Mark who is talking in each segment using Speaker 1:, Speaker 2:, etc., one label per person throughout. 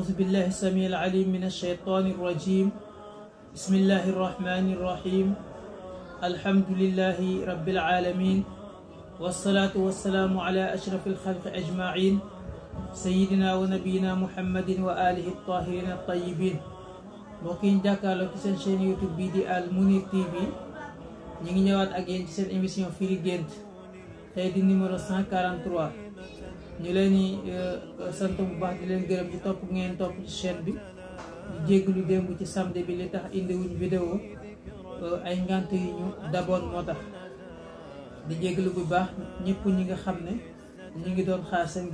Speaker 1: أعوذ بالله السميع العليم من الشيطان الرجيم بسم الله الرحمن الرحيم الحمد لله رب العالمين والصلاة والسلام على أشرف الخلق أجمعين سيدنا ونبينا محمد وآله الطاهرين الطيبين موكين داكا ci شين يوتيوب بي دي آل Al تي في ñu نيوات أجين ak yéen ci seen émission firi gént 143 ñu eh, eh, leen di sant bu baax di leen gërëm ci topp ngeen topp ci chaîne bi di jégalu démb ci samedi bi li tax indiwuñ vidéo eh, ay ngant yi ñu daboon moo tax di bu baax ñi nga ngi doon xaar seen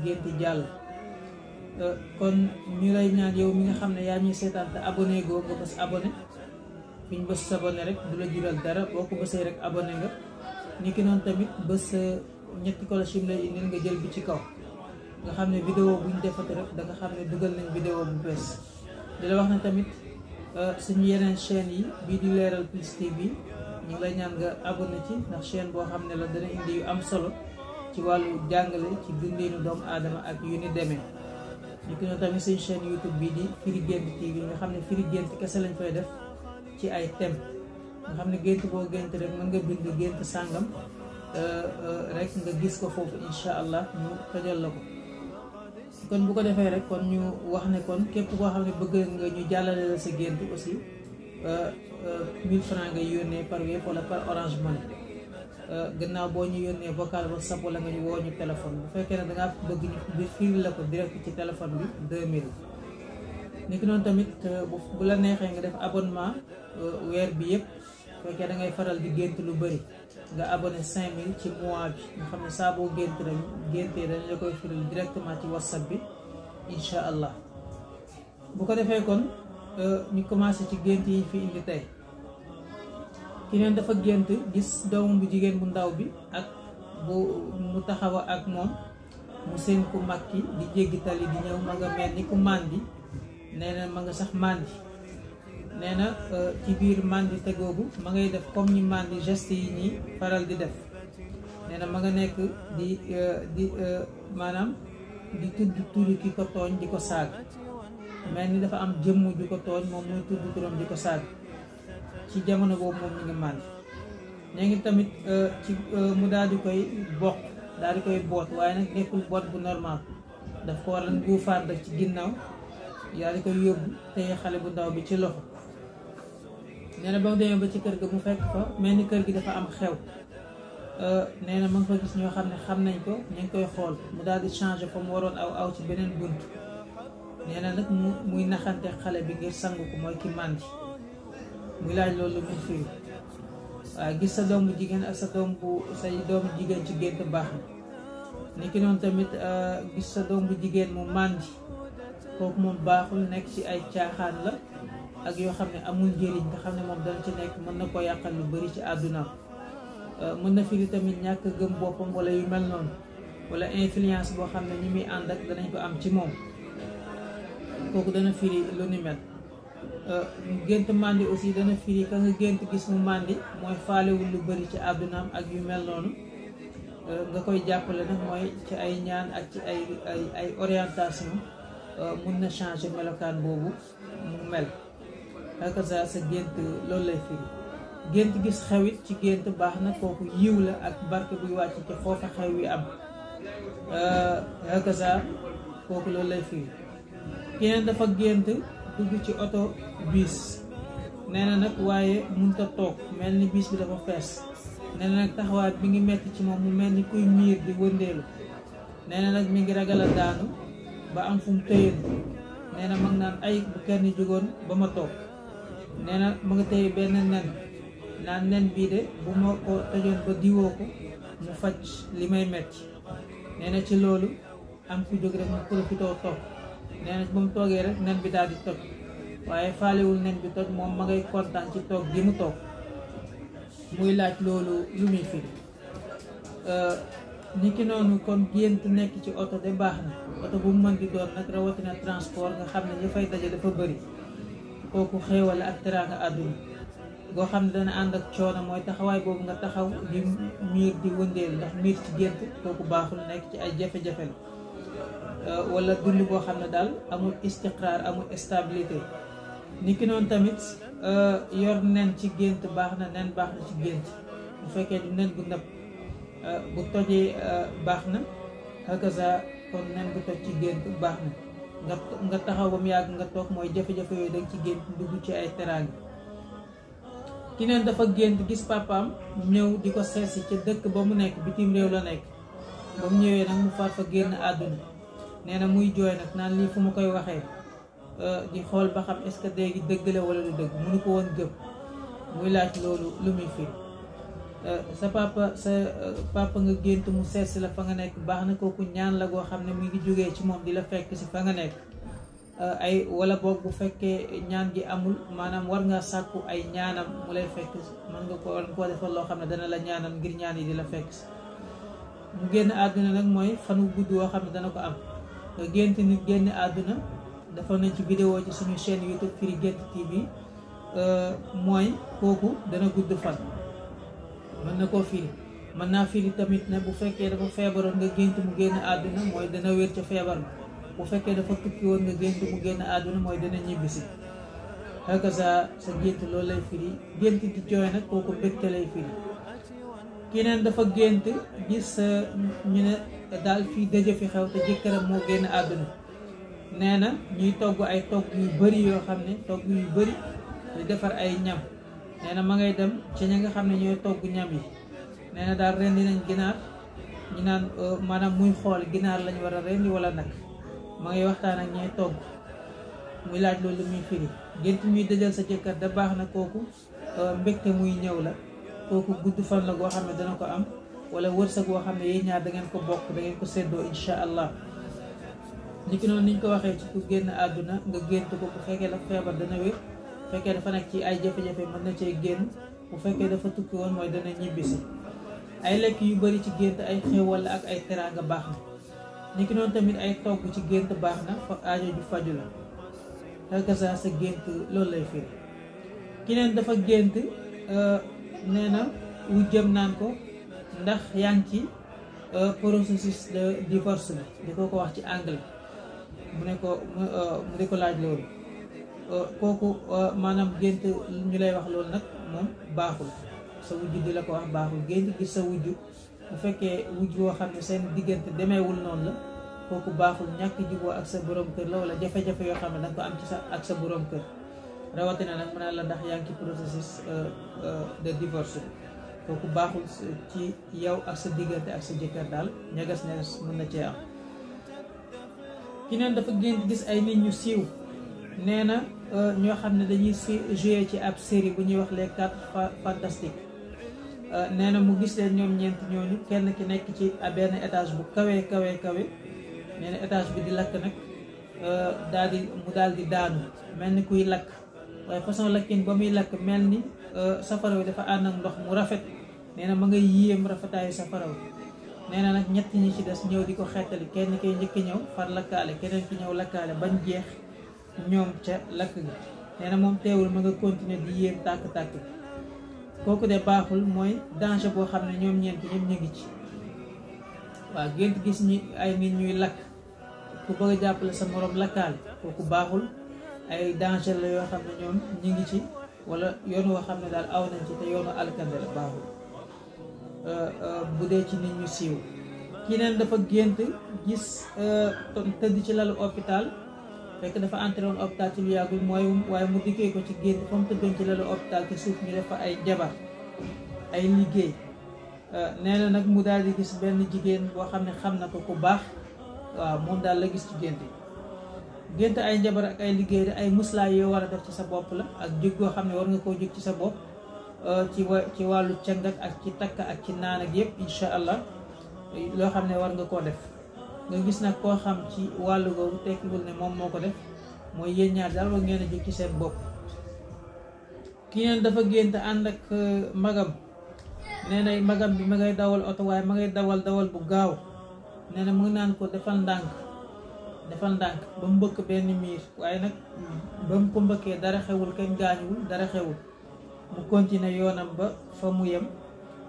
Speaker 1: kon ñu lay ñaan yow mi nga xam ne yaa ñuy seetaan te abonné goo nga bës abonné fiñ bës s'abonné rek du la jural dara boo rek abonné nga niki tamit ñetti nga jël bi ci kaw nga xam ne vidéo bu ñu defati rek da nga xam ne dugal nañ vidéo bu bees di wax na tamit euh, suñu yeneen chaîne yi bii di leeral plus TV ñu lay ñaan nga abonné ci ndax chaîne boo xam ne la dana indi yu am solo ci wàllu jàngale ci dundeenu doomu aadama ak yu ni demee ñu ñoo tamit suñu chaîne YouTube bii di Firi Guent TV nga xam ne Firi Guent kese lañ fay def ci ay thème nga xam ne gént boo gént rek mën nga bind gént sàngam euh, euh, rek nga gis ko foofu incha allah ñu la ko kon bu ko defee rek kon ñu wax ne kon képp koo xam ne bëgg nga ñu jàllale la sa gént aussi euh, euh, mille francs nga yónnee par wala par orange money euh, gannaaw boo ñu yónnee vocal whatsapp wala nga ñu woo ñu téléphone bu fekkee ne da ngaa bëgg ñu firi la ko direct ci téléphone bi 2000 niki noonu tamit bu la neexee nga def abonnement weer bi yëpp fekkee da ngay faral di gént lu bëri nga abonné 5000 ci mois bi nga xam ne saa boo gént rek géntee dañ la koy firil directement ci whatsapp bi incha allah bu ko defee kon euh, ñu commencé ci gént yi fi indi tey ki neen dafa gént gis doomam bu jigéen bu ndaw bi ak bu mu taxawa ak moom mu seen ku mag di jéggi di ñëw ma nga mel ku màndi nee ma nga sax màndi nee na euh, ci biir mandite googu ma ngay def comme mandi geste yi ñi faral di def nee ma nga nekk di euh, di euh, maanaam di tudd turu ki ko tooñ di ko saag mel ni dafa am jëmm ju ko tooñ moom muy tudd turam di ko saag ci jamono boobu moom ñu ngi mànd ñu ngi tamit ci mu daal di koy bokk daal di koy boot waaye nag nekkul boot bu normal daf ko waral guufaat daf ci ginnaaw daal di koy yóbbu tey xale bu ndaw bi ci loxo nee na ba mu demee ba ci kër ga mu fekk fa mel ni kër gi dafa am xew nee na ma nga fa gis ñoo xam ne xam nañ ko ñu ngi koy xool mu daal di changé fa mu waroon aw aw ci beneen bunt nee na nag mu muy naxante xale bi ngir sang ko mooy ki màndi muy laaj loolu mu firi waaw gis sa doom bu ak sa doom bu say doomu jigéen ci gént baax na ni ki noonu gis sa doom bu mu mandi kooku moom baaxul nekk ci ay caaxaan la ak yoo xam ne amul njëriñ nga xam ne moom dana ci nekk mën na koo yàqal lu bari ci àddunaam euh, mën na firi tamit ñàkk gëm boppam wala yu mel noonu wala influence boo xam ne ñu muy ànd ak danañ ko am ci moom kooku dana firi lu ni mel euh, gént màndi aussi dana firi ka nga gént gis mu màndi mooy faalewul lu bari ci àddunaam ak yu mel noonu euh, nga koy jàppale nag mooy ci ay ñaan ak ci ay ay ay orientation mun na changer melokaan boobu mu mel ak sa sa gént loolu lay firi gént gis xewit ci gént baax na kooku yiw la ak barke buy wàcc ci foofa xew wi am euh, ak kooku loolu lay firi keneen dafa gént dugg ci oto biis nee nag waaye mënut a toog mel ni biis bi dafa fees nee na nag taxawaay bi ngi metti ci moom mu mel ni kuy miir di wëndeelu nee na nag mi ngi ragal a daanu ba am fu mu tëyeen na mag naan ay bu kenn jógoon ba ma toog nee na mu ngi tey benn nen naan nen bii de bu ma ko tëjoon ba diwoo ko mu faj li may metti nee na ci loolu am ku jóg rek mu profitoo toog nee na ba mu toogee rek nen bi daal di toj waaye faalewul nen bi toj moom ma ngay kontaan ci toog gi mu toog muy laaj loolu lu muy firi ni ki noonu kon gént nekk ci oto de baax na oto bu mu mën di doon nag rawatina transport nga xam ne li fay daje dafa bari kooku xéewal ak teraanga àdduna goo xam ne dana ànd ak coono mooy taxawaay boobu nga taxaw di miir di wëndeel ndax miir ci gént kooku baaxul nekk ci ay jafe-jafe la euh, wala dund boo xam ne daal amul istiqraar amul stabilité niki noonu tamit euh, yor nen ci gént baax na nen baax na ci gént bu fekkee du nen bu nëb euh, bu tojee baax na hakaza kon nen bu toj ci gént baax na nga nga taxaw mu yàgg nga toog mooy jafe-jafe yooyu da ci gént dugg ci ay teraanga keneen dafa gént gis mu ñëw di ko seesi ca dëkk ba mu nekk bitim réew la nekk ba mu ñëwee nag mu faat fa génn àdduna nee na muy jooy nag naan lii fu ma koy waxee euh, di xool ba xam est-ce que léegi dëgg wala lu dëgg mënu ko woon gëm muy laaj loolu lu muy firi Euh, sa papa sa euh, papa nga gént mu seet si la fa nga nekk baax na kooku ñaan la goo xam ne mu ngi jógee ci moom di la fekk si fa nga nekk euh, ay wala boog bu fekkee ñaan gi amul maanaam war ngaa sàkku ay ñaanam mu lay fekk mën nga ko war loo xam ne dana la ñaanal ngir ñaan yi di la fekk si mu génn àdduna nag mooy fanu gudd woo xam ne dana ko am nga gént nit génn àdduna defoon nañ ci vidéo ci suñu chaîne YouTube Firi Guent TV mooy kooku dana gudd fan mën na koo fii mën naa firi tamit na bu fekkee dafa feebaroon nga gént mu génn àdduna mooy dana wér ca feebar ba bu fekkee dafa tukki woon nga gént mu génn àdduna mooy dana ñibbisi xëkka sa sa gént loolu lay firi gént di jooy nag kooku mbégte lay firi keneen dafa gént gis sa euh, ñu ne daal fii dëjë fi xew te jëkkëram moo génn àdduna nee na ñuy togg ay togg yu bëri yoo xam ne togg yu bëri di defar ay ñam nee na ma ngay dem ci ñi nga xam ne ñooy togg ñam yi nee na daal rendi nañ ginaar ñu naan euh, maanaam muy xool ginaar lañu war a rendi wala nag ma ngay waxtaan ak ñooy togg muy laaj loolu muy firi gént muy dëjal sa jëkkër da baax na kooku euh, mbégte muy ñëw la kooku gudd fan la goo xam ne dana ko am wala wërsëg goo xam ne yi ñaar da ngeen ko bokk da ngeen ko séddoo incha allah niki noonu niñ ko waxee ci ku génn àdduna nga gént ko bu fekkee la feebar dana wér bu fekkee dafa nekk ci ay jafe-jafe mën na cee génn bu fekkee dafa tukki woon mooy dana ñibbisi ay lekk yu bari ci gént ay xéewal ak ay teraanga baax na niki noonu tamit ay togg ci gént baax na fa aajo ju faju la rek sa gént loolu lay firi keneen dafa gént euh, nee na wu jëm naan ko ndax yaa ngi ci euh, processus de divorce bi di ko ko wax ci anglais mu ne ko mu euh, di ko laaj loolu kooku euh, maanaam gént ñu lay wax loolu nag moom baaxul sa wujju di la ko wax baaxul gént gis sa wujju bu fekkee wujju woo xam ne seen diggante demeewul noonu la kooku baaxul ñàkk juboo ak sa borom kër la walla jafe-jafe yoo xam ne da ko am ci sa ak sa boroom kër rawatina nag mën naa la ndax yaa ngi ci processus euh, euh, de divorce kooku baaxul ci yow ak sa diggante ak sa jëkkër daal ñagas ñagas mën na cee am. ki neen dafa gént gis ay nit ñu siiw nee na euh, ñoo xam ne dañuy joué ci ab série bu ñuy wax les quatre fantastiques euh, nee na mu gis leen ñoom ñeent ñooñu kenn ki nekk ci benn étage bu kawee kawee kawe nee na étage bi di lakk nag euh, daal di mu daal di daanu mel ni kuy lakk waaye façon lakkin ba muy lakk mel ni safara wi dafa ànd ak ndox mu rafet nee na ma ngay yéem rafetaayu safara wi nee na nag ñett ñi ci des ñëw di ko xeetali kenn kay njëkk ñëw far lakkaale keneen ki ñëw lakkaale bañ jeex ñoom ca lakk gi nee na moom teewul mu nga continuer di yéeg tàkk-tàkk bi kooku de baaxul mooy danger boo xam ne ñoom ñeent ñëpp ñu ngi ci waaw gént gis ñi ay nit ñuy lakk ku bëgg a jàppale sa moroom lakkaal kooku baaxul ay danger la yoo xam ne ñoom ñi ngi ci wala yoon woo xam ne daal aw ci te yoonu alkande la baaxul euh, euh, bu dee ci nit ñu siiw ki neen dafa gént gis euh, tëdd ci lalu hôpital fekk dafa entré hôpital ci lu yàggul mooy waaye mu liggéey ko ci génn fa mu tëddoon ci lalu hôpital ci suuf ñu def fa ay jabar ay liggéey nee na nag mu daal di gis benn jigéen boo xam ne xam na ko ku baax waaw moom daal la gis ci gént gént ay njabar ak ay liggéey de ay muslaay yoo war a def ci sa bopp la ak jóg goo xam war nga koo jóg ci sa bopp uh, ci ci wàllu cangat ak ci takk ak ci naan ak yëpp incha allah loo xam ne war nga koo def nga gis nag koo xam ci wàllu googu tekkiwul ne moom moo ko def mooy yéen ñaar daal war ngeen a jóg ci seen bopp ki neen dafa gént ànd ak uh, magam nee na magam bi ma ngay dawal oto waaye ma ngay dawal dawal bu gaaw nee na mu ngi naan ko defal ndànk defal ndànk ba mu mbëkk benn miir waaye nag ba mu ko mbëkkee dara xewul kenn gaañuwul dara xewul mu continuer yoonam ba fa mu yem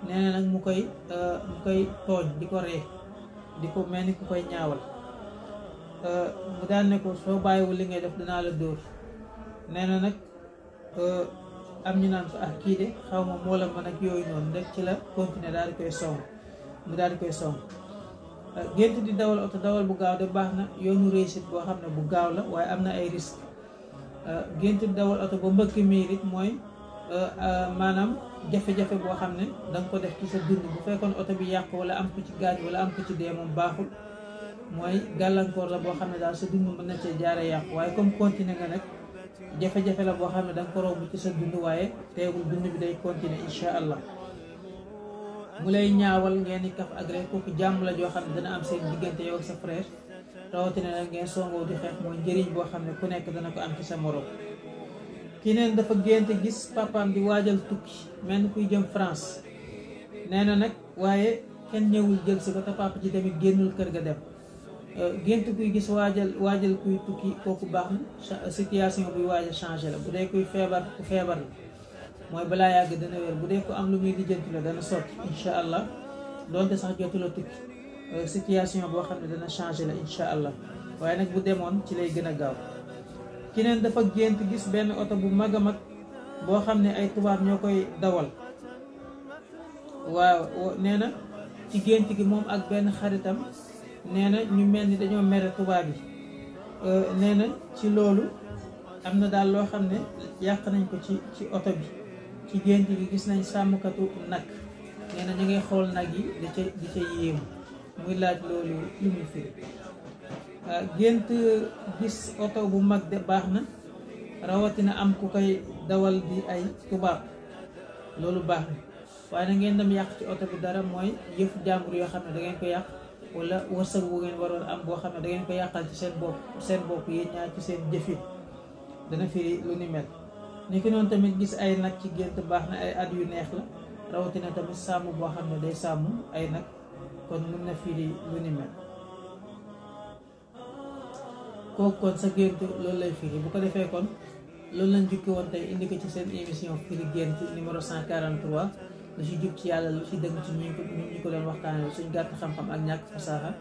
Speaker 1: nee nag mu koy uh, mu koy tooñ di ko ree di ko mel ni ku koy ñaawal mu daal ne ko soo bàyyiwul li ngay def danaa la dóor nee na nag am ñu naan ko ah kii de xaw ma moo la mën ak yooyu noonu rek ci la continuer daal di koy song mu daal di koy song gént di dawal oto dawal bu gaaw de baax na yoonu réussite boo xam ne bu gaaw la waaye am na ay risque gént di dawal oto ba mbëkk miir it mooy Euh, euh, maanaam jafe-jafe boo xam ne da ko def ci sa dund bu fekkoon oto bi yàqu wala am ku ci gaañ wala am ku ci dee moom baaxul mooy gàllankoor la boo xam ne daal sa dund mën na cee jaare yàqu waaye comme continuer nga nag jafe-jafe la boo xam ne danga nga ko romb ci sa dund waaye teewul dund bi day continuer incha allah mu lay ñaawal ngeen di kaf agré kooku jàmm la joo xam ne dana am seen diggante yow ak sa frère rawatina nag ngeen songoo di xeex mooy njëriñ boo xam ne ku nekk dana ko am ci sa morom ki neen dafa gént gis papaam di waajal tukki mel ni kuy jëm France nee na nag waaye kenn ñëwul jël si ko te papa ji tamit génnul kër ga dem euh, gént kuy gis waajal waajal kuy tukki kooku baax na situation buy waaj a changé la bu dee kuy feebar ku feebar la mooy balaa yàgg dana wér bu dee ku am lu muy di lijjanti la dana sotti incha allah doonte sax jotu la tukki euh, situation boo xam ne dana changé la incha allah waaye nag bu demoon ci lay gën a gaaw keneen dafa gént gis benn oto bu mag a mag boo xam ne ay tubaab ñoo koy dawal waaw nee na ci gént gi moom ak benn xaritam nee na ñu mel ni dañoo mere tubaab yi nee na ci loolu am na daal loo xam ne yàq nañ ko ci ci oto bi ci gént gi gis nañ sàmmkatu nag nee na ñu ngay xool nag yi di ca di ca yéemu muy laaj loolu lu muy firi Euh, gént gis oto bu mag de baax na rawatina am ku koy dawal di ay tubaab loolu baax na waaye na ngeen dem yàq ci oto bi dara mooy yëfu jàmbur yoo xam ne dangeen ko yàq wala wërsëg bu ngeen waroon am boo xam ne da ngeen ko yàqal ci seen bopp seen bopp yéen ñaar ci seen jëfin dana firi lu ni mel ni ki noonu tamit gis ay nag ci gént baax na ay at yu neex la rawatina tamit sàmm boo xam ne day sàmm ay nag kon mun na firi lu ni mel kooku kon sa gént loolu lay firi bu ko defee kon loolu lañ jukki woon tey indi ko ci seen émission firi gént numéro 143 lu ci jub ci yàlla lu ci dëng ci ñu ko ñu ko doon waxtaanee suñ gàtt xam-xam ak ñàkk fasaaxa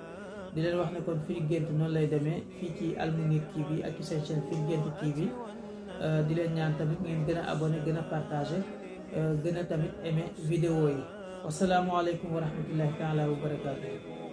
Speaker 1: di leen wax ne kon firi gént noonu lay demee fii ci kii bi ak ci seen chaîne firi gént TV euh, di leen ñaan tamit ngeen gën a abonné gën a partagé euh, gën a tamit aimé vidéo yi wasalaamualeykum wa rahmatullahi taala wa barakaatu